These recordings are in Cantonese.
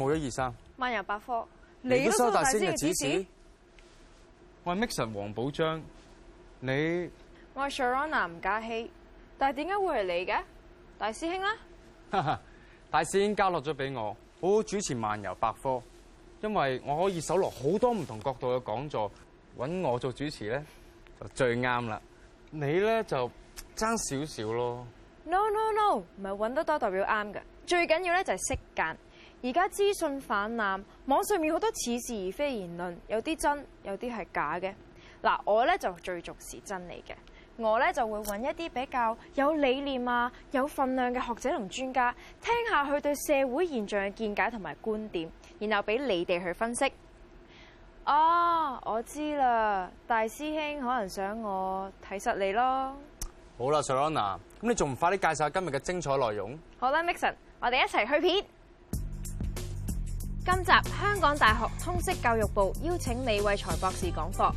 冇一二三，漫遊百科。你都收大師嘅指,指示。我係 mixer 黃寶章，你我係 Sharon a 吳嘉熙。但係點解會係你嘅大師兄啦？哈哈，大師兄, 大師兄交落咗俾我，好好主持漫遊百科，因為我可以搜羅好多唔同角度嘅講座，揾我做主持咧就最啱啦。你咧就爭少少咯。No no no，唔係揾得多代表啱嘅，最緊要咧就係識揀。而家資訊泛濫，網上面好多似是而非言論，有啲真，有啲係假嘅。嗱，我咧就最重視真理嘅，我咧就會揾一啲比較有理念啊、有份量嘅學者同專家，聽下佢對社會現象嘅見解同埋觀點，然後俾你哋去分析。哦，我知啦，大師兄可能想我睇實你咯。好啦，Sharon，咁你仲唔快啲介紹下今日嘅精彩內容？好啦，Mixon，我哋一齊去片。今集香港大學通識教育部邀請李偉才博士講課，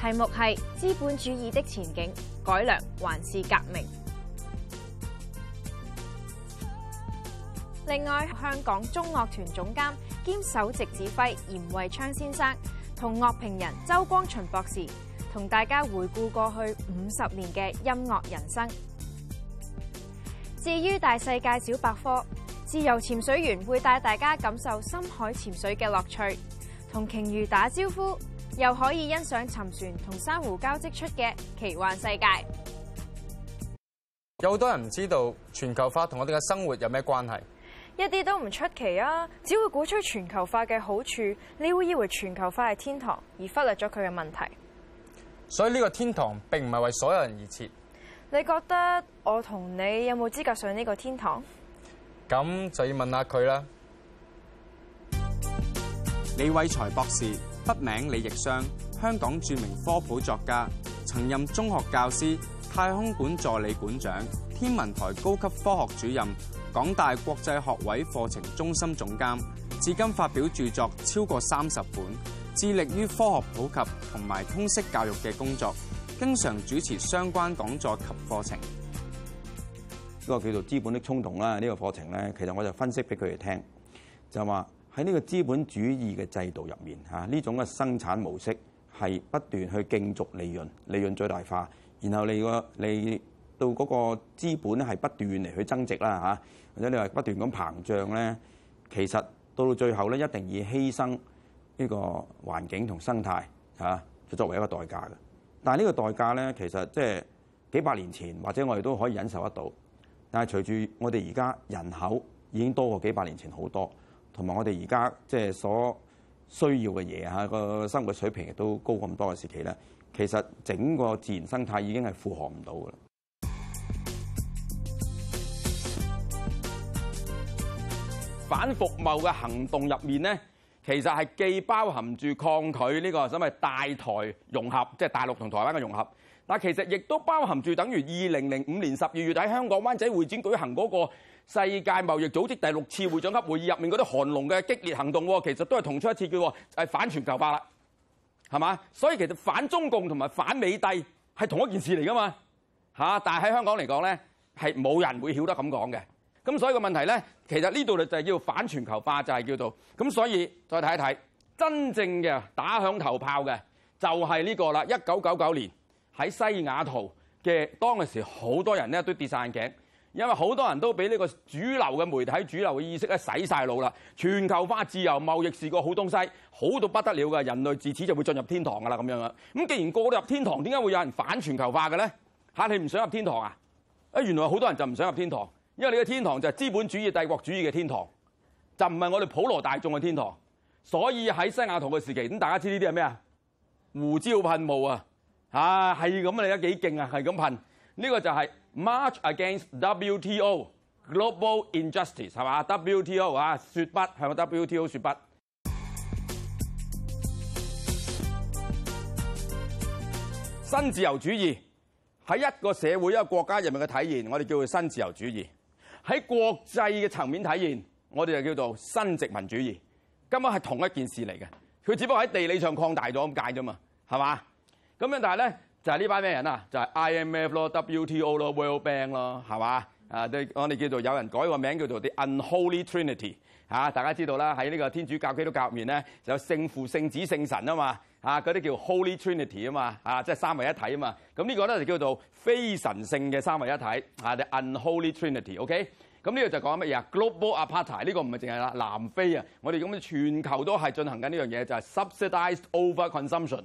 題目係資本主義的前景，改良還是革命。另外，香港中樂團總監兼首席指揮閻惠昌先生同樂評人周光蓁博士同大家回顧過去五十年嘅音樂人生。至於大世界小百科。自由潛水員會帶大家感受深海潛水嘅樂趣，同鯨魚打招呼，又可以欣賞沉船同珊瑚交織出嘅奇幻世界。有好多人唔知道全球化同我哋嘅生活有咩關係？一啲都唔出奇啊！只會鼓吹全球化嘅好處，你會以為全球化係天堂，而忽略咗佢嘅問題。所以呢個天堂並唔係為所有人而設。你覺得我同你有冇資格上呢個天堂？咁就要問下佢啦。李偉才博士，筆名李逆熵，香港著名科普作家，曾任中學教師、太空館助理館長、天文台高級科學主任、港大國際學位課程中心總監，至今發表著作超過三十本，致力於科學普及同埋通識教育嘅工作，經常主持相關講座及課程。呢個叫做資本的衝動啦。呢個課程呢，其實我就分析俾佢哋聽，就話喺呢個資本主義嘅制度入面嚇，呢種嘅生產模式係不斷去競逐利潤，利潤最大化，然後你個你到嗰個資本係不斷嚟去增值啦嚇，或者你話不斷咁膨脹呢，其實到到最後呢，一定以犧牲呢個環境同生態嚇，作為一個代價嘅。但係呢個代價呢，其實即係幾百年前或者我哋都可以忍受得到。但係隨住我哋而家人口已經多過幾百年前好多，同埋我哋而家即係所需要嘅嘢嚇，個生活水平亦都高咁多嘅時期咧，其實整個自然生態已經係負荷唔到嘅啦。反服貿嘅行動入面咧，其實係既包含住抗拒呢個所謂大台融合，即係大陸同台灣嘅融合。但其實亦都包含住等於二零零五年十二月喺香港灣仔會展舉行嗰個世界貿易組織第六次會長級會議入面嗰啲韓農嘅激烈行動，其實都係同出一次嘅，係反全球化啦，係嘛？所以其實反中共同埋反美帝係同一件事嚟㗎嘛嚇，但係喺香港嚟講咧係冇人會曉得咁講嘅咁，所以個問題咧其實呢度就係叫反全球化就係叫做咁，所以再睇一睇真正嘅打響頭炮嘅就係呢個啦，一九九九年。喺西雅圖嘅當嗰陣時，好多人咧都跌晒眼鏡，因為好多人都俾呢個主流嘅媒體、主流嘅意識咧洗晒腦啦。全球化、自由貿易是個好東西，好到不得了㗎，人類自此就會進入天堂㗎啦咁樣。咁既然個個入天堂，點解會有人反全球化嘅咧？吓，你唔想入天堂啊？啊，原來好多人就唔想入天堂，因為你嘅天堂就係資本主義、帝國主義嘅天堂，就唔係我哋普羅大眾嘅天堂。所以喺西雅圖嘅時期，咁大家知呢啲係咩啊？胡椒噴霧啊！啊，係咁啊！你而家幾勁啊？係咁噴，呢個就係 March Against WTO Global Injustice 係嘛？WTO 啊，説不係咪 WTO 説不，新自由主義喺一個社會一個國家入面嘅體現，我哋叫佢新自由主義；喺國際嘅層面體現，我哋就叫做新殖民主義。根本係同一件事嚟嘅，佢只不過喺地理上擴大咗咁解啫嘛，係嘛？咁樣，但係咧就係呢班咩人啊？就係、是就是、IMF 咯、WTO 咯、World Bank 咯，係、嗯、嘛？啊，我哋叫做有人改個名叫做 The Unholy Trinity、啊、大家知道啦，喺呢個天主教、基督教入面咧，就有聖父、聖子、聖神啊嘛。啊，嗰、啊、啲叫 Holy Trinity 啊嘛。啊，啊即係三位一體啊嘛。咁呢個咧就叫做非神性嘅三位一體啊，The Unholy Trinity，OK？、Okay? 咁呢個就講乜嘢啊？Global apartheid 呢個唔係淨係南非啊，我哋咁全球都係進行緊呢樣嘢，就係、是、subsidized overconsumption。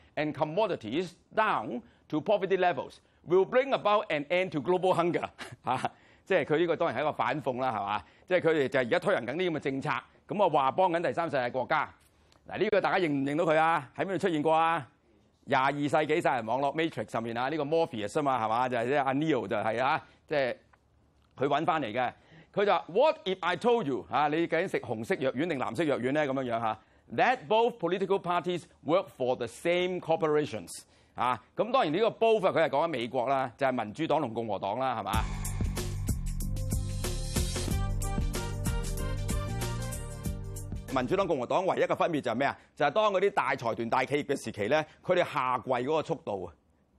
And commodities down to poverty levels will bring about an end to global hunger。嚇，即係佢呢個當然係一個反諷啦，係嘛？即係佢哋就而家推行緊呢咁嘅政策，咁啊話幫緊第三世界國家。嗱、這、呢個大家認唔認到佢啊？喺邊度出現過啊？廿二世紀就係網絡 Matrix 上面啊，呢、這個 Morpheus 啊嘛係嘛？就係、是、啲阿 Neo 就係啊，即係佢揾翻嚟嘅。佢就 What if I told you？嚇、啊，你究竟食紅色藥丸定藍色藥丸咧？咁樣樣嚇。That both political parties work for the same corporations 啊，咁當然呢個 both 佢係講緊美國啦，就係、是、民主黨同共和黨啦，係嘛？民主黨共和黨唯一嘅分別就係咩啊？就係、是、當嗰啲大財團大企業嘅時期咧，佢哋下跪嗰個速度啊，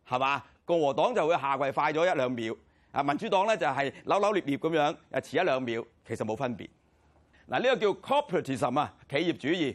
係嘛？共和黨就會下跪快咗一兩秒，啊民主黨咧就係扭扭捏捏咁樣，誒遲一兩秒，其實冇分別。嗱、啊、呢、呢個叫 corporatism 啊企業主義。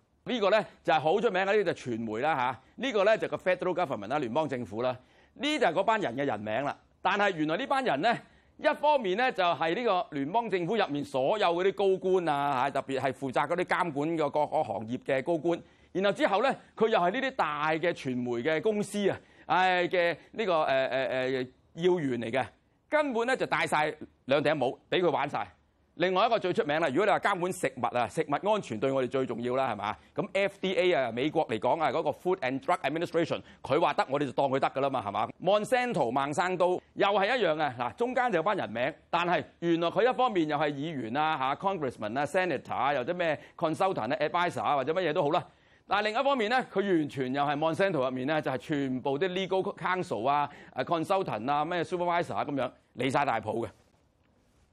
呢、個咧就係好出名嘅，呢個就傳媒啦嚇。呢個咧就個 Federal Government 啦，聯邦政府啦。呢就係嗰班人嘅人名啦。但係原來呢班人咧，一方面咧就係呢個聯邦政府入面所有嗰啲高官啊，特別係負責嗰啲監管嘅各個行業嘅高官。然後之後咧，佢又係呢啲大嘅傳媒嘅公司啊，唉嘅呢個誒誒誒要員嚟嘅。根本咧就戴晒兩頂帽，俾佢玩晒。另外一個最出名啦，如果你話監管食物啊，食物安全對我哋最重要啦，係嘛？咁 FDA 啊，美國嚟講啊，嗰個 Food and Drug Administration，佢話得，我哋就當佢得㗎啦嘛，係嘛？Monsanto 孟生都又係一樣啊，嗱，中間就有班人名，但係原來佢一方面又係議員啊，Congressman 啊，Senator 啊，又啲咩 Consultant Advisor 啊，或者乜嘢都好啦。但另一方面呢，佢完全又係 Monsanto 入面呢，就係全部啲 Legal Counsel 啊、Consultant 啊、咩 Supervisor 咁樣離晒大譜嘅。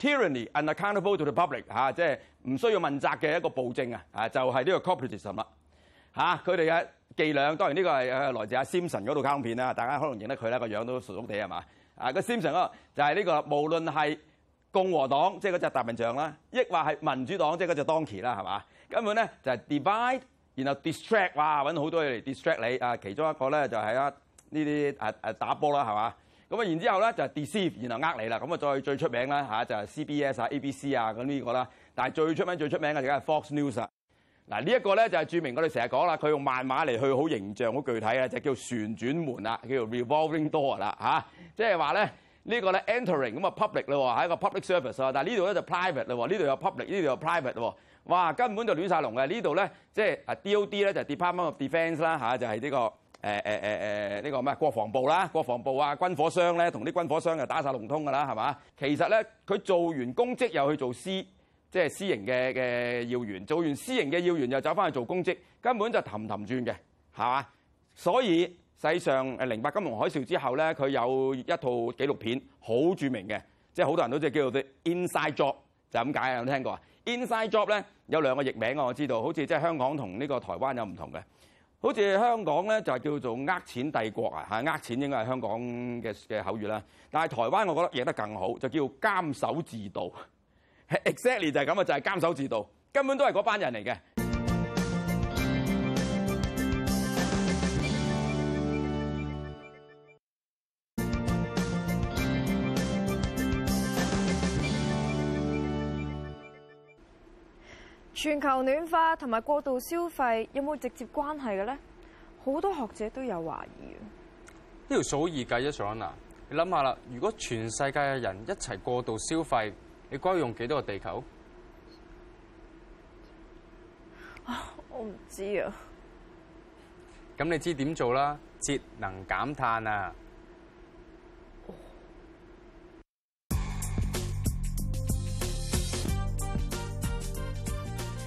Tyranny unaccountable to the public 嚇、啊，即係唔需要問責嘅一個暴政啊，就是、啊就係呢個 corporatism 啦嚇，佢哋嘅伎倆當然呢個係來自阿 Simson 嗰度卡通片啦，大家可能認得佢啦，樣 Simson 這個樣都熟熟地係嘛啊，個 Simson 啊就係呢個無論係共和黨即係嗰隻大笨象啦，亦或係民主黨即係嗰隻 Donkey 啦係嘛，根本咧就係、是、divide，然後 distract，哇揾好多嘢嚟 distract 你啊，其中一個咧就係、是、啊呢啲誒誒打波啦係嘛。咁啊，然之後咧就係 deceive，然後呃你啦。咁啊，再最出名啦吓，就係 CBS 啊、ABC 啊咁呢個啦。但係最出名、最出名嘅而家係 Fox News 啊。嗱，呢一個咧就係著名的，我哋成日講啦，佢用漫畫嚟去好形象、好具體啊，就叫旋轉門啦，叫做 revolving door 啦、啊、吓，即係話咧，呢、這個咧 entering 咁啊 public 咯喎，喺一個 public service 喎。但係呢度咧就 private 咯喎，呢度有 public，呢度有 private 喎。哇，根本就亂晒龍嘅呢度咧，即係啊 DOD 咧就係 Department of Defence 啦吓，就係、是、呢、這個。誒誒誒誒呢個咩？國防部啦，國防部啊，軍火商咧，同啲軍火商又打晒龍通噶啦，係嘛？其實咧，佢做完公職又去做私，即係私營嘅嘅要員，做完私營嘅要員又走翻去做公職，根本就氹氹轉嘅，係嘛？所以世上誒、呃、零八金融海嘯之後咧，佢有一套紀錄片好著名嘅，即係好多人都知叫做 Inside Job，就係咁解啊？有冇聽過啊？Inside Job 咧有兩個譯名我我知道，好似即係香港同呢個台灣有唔同嘅。好似香港咧就係叫做呃錢帝國啊，嚇，呃錢應該係香港嘅嘅口語啦。但係台灣我覺得贏得更好，就叫監守自盜 exactly 就係咁啊，就係、是、監守自盜，根本都係嗰班人嚟嘅。全球暖化同埋過度消費有冇直接關係嘅咧？好多學者都有懷疑啊！呢條數好易計啫，尚安娜你諗下啦，如果全世界嘅人一齊過度消費，你該用幾多個地球？啊，我唔知啊！咁、啊、你知點做啦？節能減碳啊！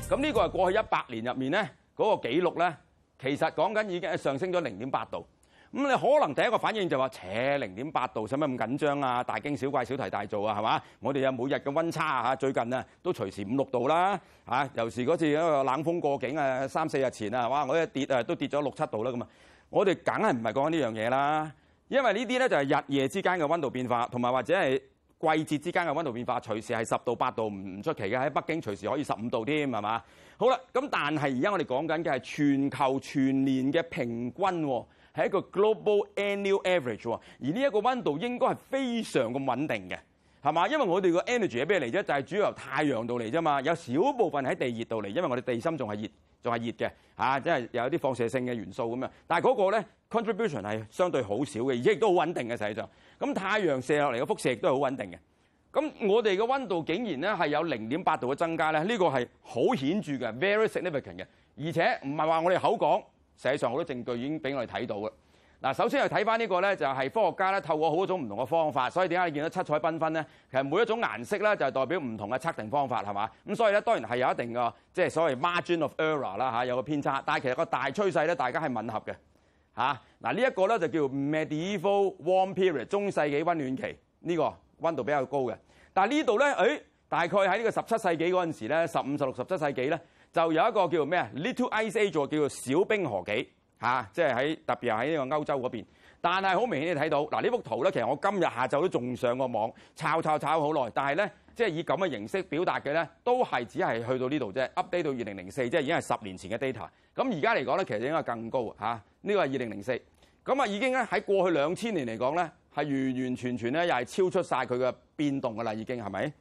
咁呢個係過去一百年入面咧嗰個記錄咧，其實講緊已經上升咗零點八度。咁你可能第一個反應就話，扯零點八度使乜咁緊張啊？大驚小怪、小題大做啊？係嘛？我哋有每日嘅温差嚇，最近啊都隨時五六度啦。尤其嗰次一個冷風過境啊，三四日前啊，哇！我一跌啊都跌咗六七度啦咁啊！我哋梗係唔係講呢樣嘢啦？因為呢啲咧就係日夜之間嘅温度變化，同埋或者係。季節之間嘅温度變化，隨時係十度八度唔出奇嘅。喺北京隨時可以十五度添，係嘛？好啦，咁但係而家我哋講緊嘅係全球全年嘅平均，係一個 global annual average。而呢一個温度應該係非常咁穩定嘅，係嘛？因為我哋個 energy 喺咩嚟啫？就係、是、主要由太陽度嚟啫嘛。有少部分喺地熱度嚟，因為我哋地心仲係熱，仲係熱嘅。嚇、啊，即係有啲放射性嘅元素咁樣。但係嗰個咧 contribution 係相對好少嘅，而且亦都好穩定嘅實際上。咁太陽射落嚟嘅輻射亦都係好穩定嘅，咁我哋嘅温度竟然咧係有零點八度嘅增加咧，呢個係好顯著嘅，very significant 嘅，而且唔係話我哋口講，實際上好多證據已經俾我哋睇到嘅。嗱，首先係睇翻呢個咧，就係科學家咧透過好多種唔同嘅方法，所以點解你見到七彩繽紛咧？其實每一種顏色咧就係代表唔同嘅測定方法，係嘛？咁所以咧當然係有一定嘅即係所謂 margin of error 啦嚇，有個偏差，但係其實個大趨勢咧大家係吻合嘅。嚇，嗱呢一個咧就叫 Medieval Warm Period 中世紀温暖期呢、這個温度比較高嘅，但係呢度咧誒大概喺呢個十七世紀嗰陣時咧，十五十六十七世紀咧就有一個叫做咩啊 Little Ice Age，叫做小冰河期嚇、啊，即係喺特別係喺呢個歐洲嗰邊。但係好明顯你睇到，你睇到嗱呢幅圖咧，其實我今日下晝都仲上個網抄抄抄好耐，但係咧即係以咁嘅形式表達嘅咧，都係只係去到呢度啫，update 到二零零四，即係已經係十年前嘅 data。咁而家嚟講咧，其實應該更高嚇。呢、啊這個係二零零四，咁啊已經咧喺過去兩千年嚟講咧，係完完全全咧又係超出晒佢嘅變動㗎啦，已經係咪？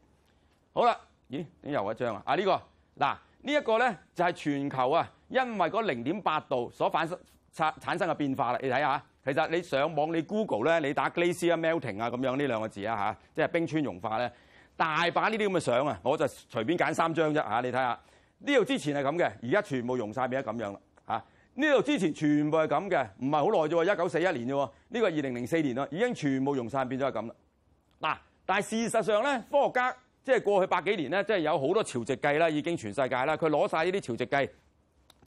好啦，咦？點又一張啊？這個、啊、這個、呢個嗱呢一個咧就係、係、全球啊，因為嗰零點八度所反生產產生嘅變化啦，你睇下。其實你上網，你 Google 你打 Glacier Melting 啊，咁樣呢兩個字啊，即係冰川融化，大把呢啲咁嘅相啊，我就隨便揀三張啫、啊、你睇下呢度，之前係咁嘅，而家全部融晒變咗咁樣啦嚇。呢、啊、度，之前全部係咁嘅，唔係好耐啫喎，一九四一年啫喎，呢個二零零四年已經全部融晒變咗係咁啦。但係事實上呢，科學家即係，過去百幾年即係，有好多潮汐計已經全世界啦，佢攞曬呢啲潮汐計，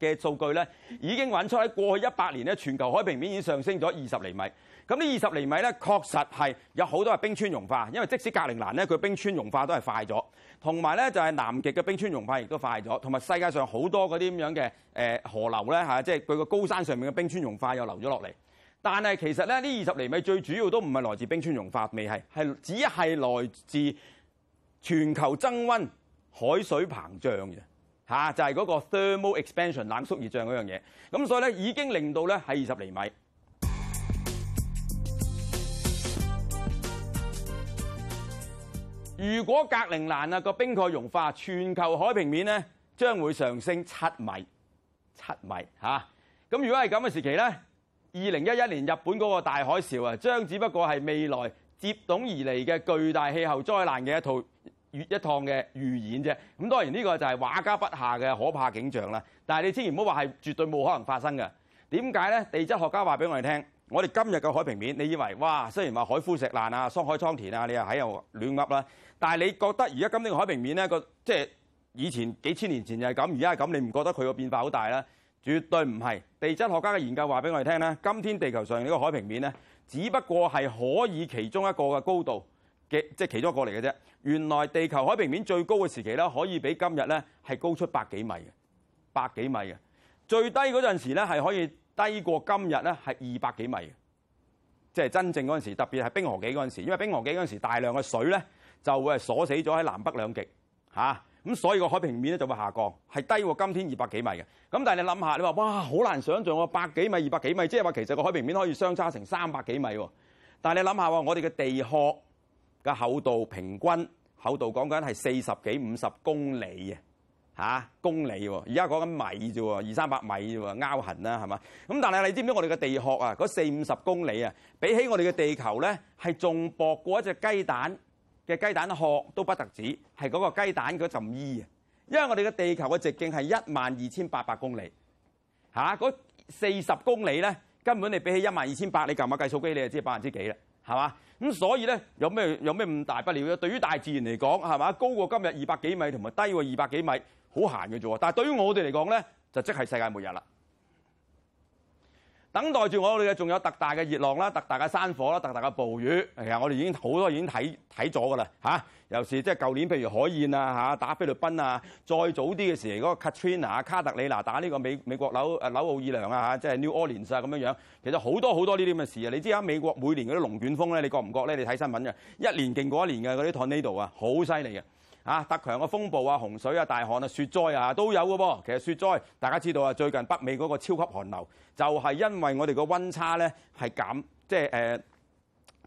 嘅數據咧已經揾出喺過去一百年咧，全球海平面已經上升咗二十厘米。咁呢二十厘米咧，確實係有好多係冰川融化，因為即使隔陵蘭咧，佢冰川融化都係快咗。同埋咧，就係、是、南極嘅冰川融化亦都快咗，同埋世界上好多嗰啲咁樣嘅誒、呃、河流咧，嚇、啊，即係佢個高山上面嘅冰川融化又流咗落嚟。但係其實咧，呢二十厘米最主要都唔係來自冰川融化，未係，係只係來自全球增温、海水膨脹嘅。嚇、啊，就係、是、嗰個 thermal expansion 冷縮熱脹嗰樣嘢，咁所以咧已經令到咧喺二十厘米。如果格陵蘭啊、那個冰蓋融化，全球海平面咧將會上升七米，七米嚇。咁、啊、如果係咁嘅時期咧，二零一一年日本嗰個大海嘯啊，將只不過係未來接踵而嚟嘅巨大氣候災難嘅一套，一趟嘅預演啫，咁當然呢個就係畫家筆下嘅可怕景象啦。但係你千祈唔好話係絕對冇可能發生嘅。點解呢？地質學家話俾我哋聽，我哋今日嘅海平面，你以為哇，雖然話海枯石爛啊、桑海滄田啊，你又喺度亂噏啦。但係你覺得而家今天嘅海平面呢個即係以前幾千年前就係咁，而家係咁，你唔覺得佢個變化好大啦？絕對唔係。地質學家嘅研究話俾我哋聽咧，今天地球上呢個海平面咧，只不過係可以其中一個嘅高度。即係其中一個嚟嘅啫。原來地球海平面最高嘅時期咧，可以比今日咧係高出百幾米嘅，百幾米嘅最低嗰陣時咧係可以低過今日咧係二百幾米嘅，即係真正嗰陣時特別係冰河紀嗰陣時，因為冰河紀嗰陣時大量嘅水咧就會係鎖死咗喺南北兩極嚇咁，所以個海平面咧就會下降係低過今天二百幾米嘅。咁但係你諗下，你話哇好難想像喎，百幾米、二百幾米，即係話其實個海平面可以相差成三百幾米喎。但係你諗下喎，我哋嘅地殼。個厚度，平均厚度講緊係四十幾五十公里啊，嚇公里喎、哦，講而家講緊米啫喎，二三百米啫喎，拗痕啦係嘛？咁但係你知唔知我哋嘅地殼啊，嗰四五十公里啊，比起我哋嘅地球咧，係仲薄過一隻雞蛋嘅雞蛋殼都不得止，係嗰個雞蛋嗰層衣啊，因為我哋嘅地球嘅直徑係一萬二千八百公里嚇，嗰、啊、四十公里咧，根本你比起一萬二千八，你撳下計數機你就知百分之幾啦。係嘛？咁、嗯、所以呢，有咩有咩唔大不了？對於大自然嚟講，係嘛？高過今日二百幾米，同埋低過二百幾米，好閒嘅啫喎。但係對於我哋嚟講呢，就即係世界末日啦。等待住我哋嘅仲有特大嘅熱浪啦、特大嘅山火啦、特大嘅暴雨。其實我哋已經好多已經睇睇咗嘅啦，嚇！有時即係舊年譬如海燕啊、打菲律賓啊，再早啲嘅時嗰個 Katrina 卡特里娜打呢個美，美國紐紐奧爾良啊，即係 New Orleans 啊咁樣。其實好多好多呢啲嘅事啊！你知呀，美國每年嗰啲龍捲風呢，你覺唔覺呢？你睇新聞嘅一年勁過一年嘅嗰啲 Tornado 啊，好犀利啊。嚇、啊，特強嘅風暴啊、洪水啊、大旱啊、雪災啊，都有嘅噃。其實雪災大家知道啊，最近北美嗰個超級寒流就係、是、因為我哋個溫差呢係減，即、就是呃、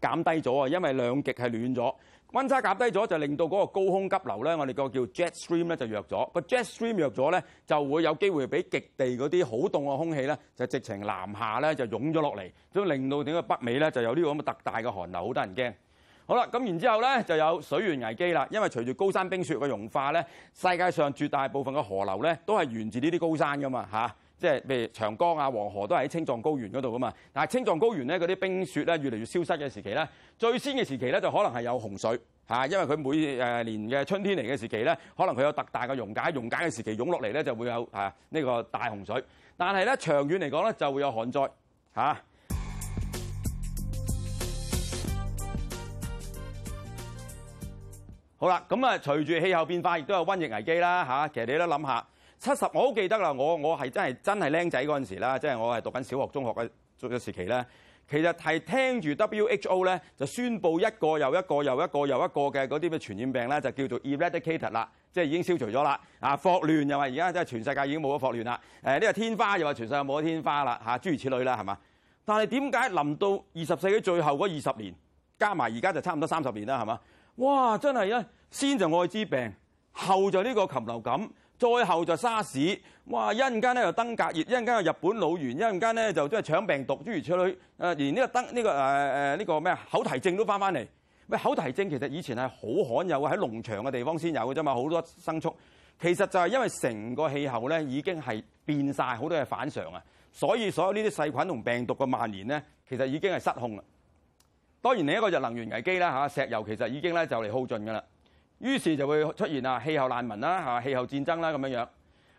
減低咗啊。因為兩極係暖咗，溫差減低咗就令到嗰個高空急流呢，我哋個叫 jet stream 呢就弱咗。個 jet stream 弱咗呢，就會有機會俾極地嗰啲好凍嘅空氣呢就直情南下呢就湧咗落嚟，以令到點解北美呢就有呢個咁嘅特大嘅寒流，好得人驚。好啦，咁然之後咧，就有水源危機啦。因為隨住高山冰雪嘅融化咧，世界上絕大部分嘅河流咧，都係源自呢啲高山噶嘛。即係譬如長江啊、黃河都係喺青藏高原嗰度噶嘛。但係青藏高原咧，嗰啲冰雪咧越嚟越消失嘅時期咧，最先嘅時期咧就可能係有洪水。因為佢每年嘅春天嚟嘅時期咧，可能佢有特大嘅溶解，溶解嘅時期湧落嚟咧就會有呢個大洪水。但係咧長遠嚟講咧就會有旱災。好啦，咁啊，隨住氣候變化，亦都有瘟疫危機啦嚇。其實你都諗下，七十我好記得啦，我我係真係真係僆仔嗰陣時啦，即係我係讀緊小學、中學嘅時期咧。其實係聽住 WHO 咧就宣布一個又一個又一個又一個嘅嗰啲嘅傳染病咧，就叫做 eradicated 啦，即係已經消除咗啦。啊，霍亂又話而家即係全世界已經冇咗霍亂啦。誒，呢個天花又話全世界冇咗天花啦。嚇，諸如此類啦，係嘛？但係點解臨到二十世紀最後嗰二十年，加埋而家就差唔多三十年啦，係嘛？哇！真係咧，先就愛滋病，後就呢個禽流感，再後就沙士。哇！一陣間咧又登革熱，一陣間又日本腦炎，一陣間咧就都係搶病毒，諸如此類。誒、呃，連、這、呢個登呢、呃這個誒呢、呃這個咩啊口蹄症都翻翻嚟。喂、呃這個，口蹄症，症其實以前係好罕有喺農場嘅地方先有嘅啫嘛，好多牲畜。其實就係因為成個氣候咧已經係變晒好多嘢反常啊，所以所有呢啲細菌同病毒嘅蔓延咧，其實已經係失控啦。當然，另一個就能源危機啦嚇，石油其實已經咧就嚟耗盡噶啦，於是就會出現啊氣候難民啦、嚇氣候戰爭啦咁樣樣。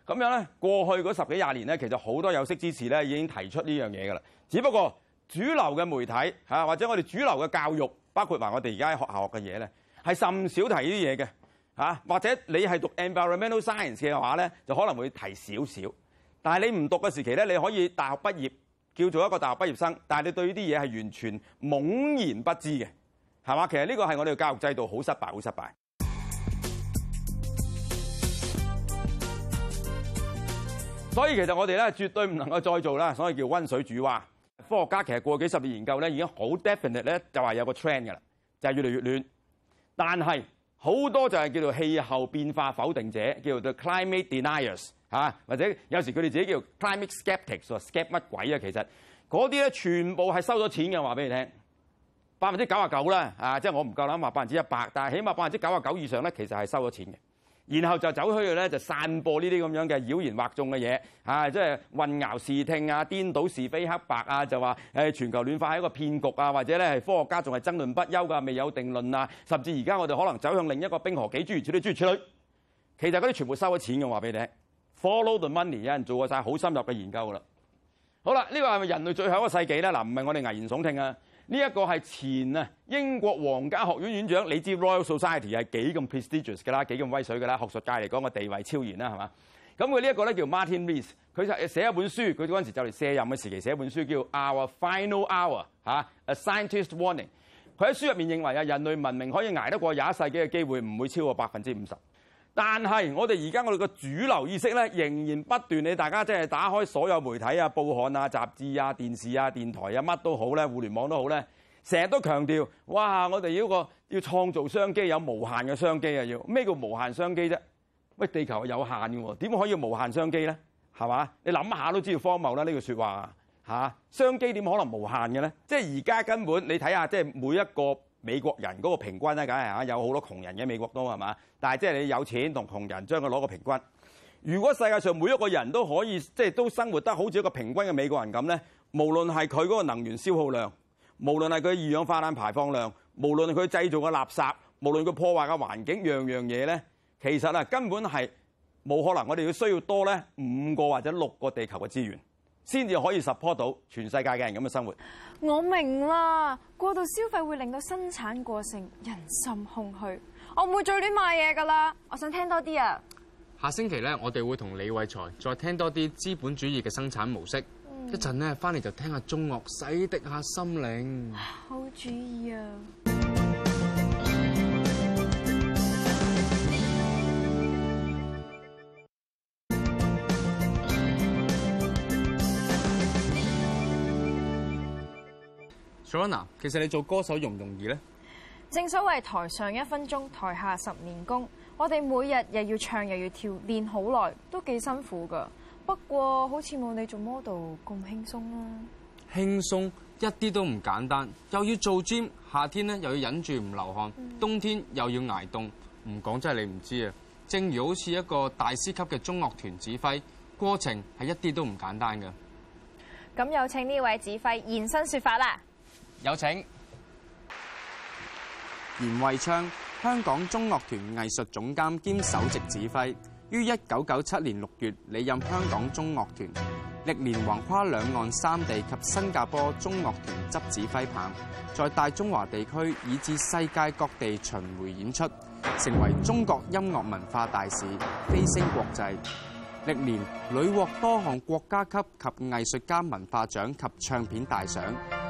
咁樣咧，過去嗰十幾廿年咧，其實好多有識之士咧已經提出呢樣嘢噶啦。只不過主流嘅媒體嚇，或者我哋主流嘅教育，包括埋我哋而家喺學校學嘅嘢咧，係甚少提呢啲嘢嘅嚇。或者你係讀 environmental science 嘅話咧，就可能會提少少。但係你唔讀嘅時期咧，你可以大學畢業。叫做一個大學畢業生，但係你對呢啲嘢係完全懵然不知嘅，係嘛？其實呢個係我哋嘅教育制度好失敗，好失敗。所以其實我哋咧絕對唔能夠再做啦，所以叫溫水煮蛙。科學家其實過幾十年研究咧，已經好 d e f i n i t e 咧就話有個 trend 嘅啦，就係越嚟越暖。但係，好多就係叫做氣候變化否定者，叫做 climate deniers 嚇，或者有時佢哋自己叫做 climate sceptics，or scept 乜鬼啊？其實嗰啲咧全部係收咗錢嘅，話俾你聽，百分之九啊九啦，啊即係我唔夠膽話百分之一百，但係起碼百分之九啊九以上咧，其實係收咗錢嘅。然後就走去就散播呢啲咁樣嘅妖言惑眾嘅嘢，即係混淆視聽啊，顛倒是非黑白啊，就話全球暖化係一個騙局啊，或者科學家仲係爭論不休㗎，未有定論啊，甚至而家我哋可能走向另一個冰河紀，諸如此類，諸如此類，其實嗰啲全部收咗錢嘅，話俾你聽。Follow the money，有人做過晒好深入嘅研究啦。好啦，呢個係咪人類最後一個世紀呢？嗱、啊，唔係我哋危言聳聽啊！呢一個係前啊英國皇家學院院長，你知 Royal Society 係幾咁 prestigious 㗎啦，幾咁威水㗎啦，學術界嚟講個地位超然啦，係嘛？咁佢呢一個咧叫 Martin Rees，佢就寫一本書，佢嗰陣時就嚟卸任嘅時期寫一本書，叫 Our Final Hour 嚇，A Scientist Warning。佢喺書入面認為啊，人類文明可以捱得過廿一世紀嘅機會唔會超過百分之五十。但係我哋而家我哋個主流意識咧，仍然不斷你大家即係打開所有媒體啊、報刊啊、雜誌啊、電視啊、電台啊乜都好咧，互聯網都好咧，成日都強調哇！我哋要個要創造商機，有無限嘅商機啊！要咩叫無限商機啫？喂，地球係有限嘅喎，點可以無限商機咧？係嘛？你諗下都知道荒謬啦呢句説話嚇，商機點可能無限嘅咧？即係而家根本你睇下，即係每一個。美國人嗰個平均咧，梗係啊有好多窮人嘅美國都係嘛，但係即係你有錢同窮人將佢攞個平均。如果世界上每一個人都可以即係都生活得好似一個平均嘅美國人咁咧，無論係佢嗰個能源消耗量，無論係佢二氧化碳排放量，無論佢製造嘅垃圾，無論佢破壞嘅環境，樣樣嘢咧，其實啊根本係冇可能，我哋要需要多咧五個或者六個地球嘅資源。先至可以 support 到全世界嘅人咁嘅生活。我明啦，過度消費會令到生產過剩，人心空虛。我唔會再亂買嘢噶啦。我想聽多啲啊。下星期咧，我哋會同李偉才再聽多啲資本主義嘅生產模式。一陣咧，翻嚟就聽下中樂洗滌下心靈。好主意啊！Jorana，其實你做歌手容唔容易呢？正所謂台上一分鐘，台下十年功。我哋每日又要唱又要跳，練好耐都幾辛苦噶。不過好似冇你做 model 咁輕鬆啦，啊。輕鬆一啲都唔簡單，又要做 gym，夏天呢又要忍住唔流汗、嗯，冬天又要挨凍，唔講真係你唔知啊。正如好似一個大師級嘅中樂團指揮，過程係一啲都唔簡單㗎。咁有請呢位指揮現身說法啦。有請閻惠昌，香港中樂團藝術總監兼首席指揮，於一九九七年六月理任香港中樂團，歷年橫跨兩岸三地及新加坡中樂團執指揮棒，在大中華地區以至世界各地巡迴演出，成為中國音樂文化大使，蜚聲國際。歷年屢獲多項國家級及藝術家文化獎及唱片大獎。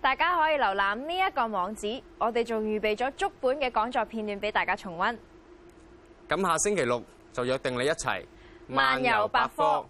大家可以瀏覽呢一個網址，我哋仲預備咗足本嘅講座片段畀大家重温。咁下星期六就約定你一齊漫遊百科。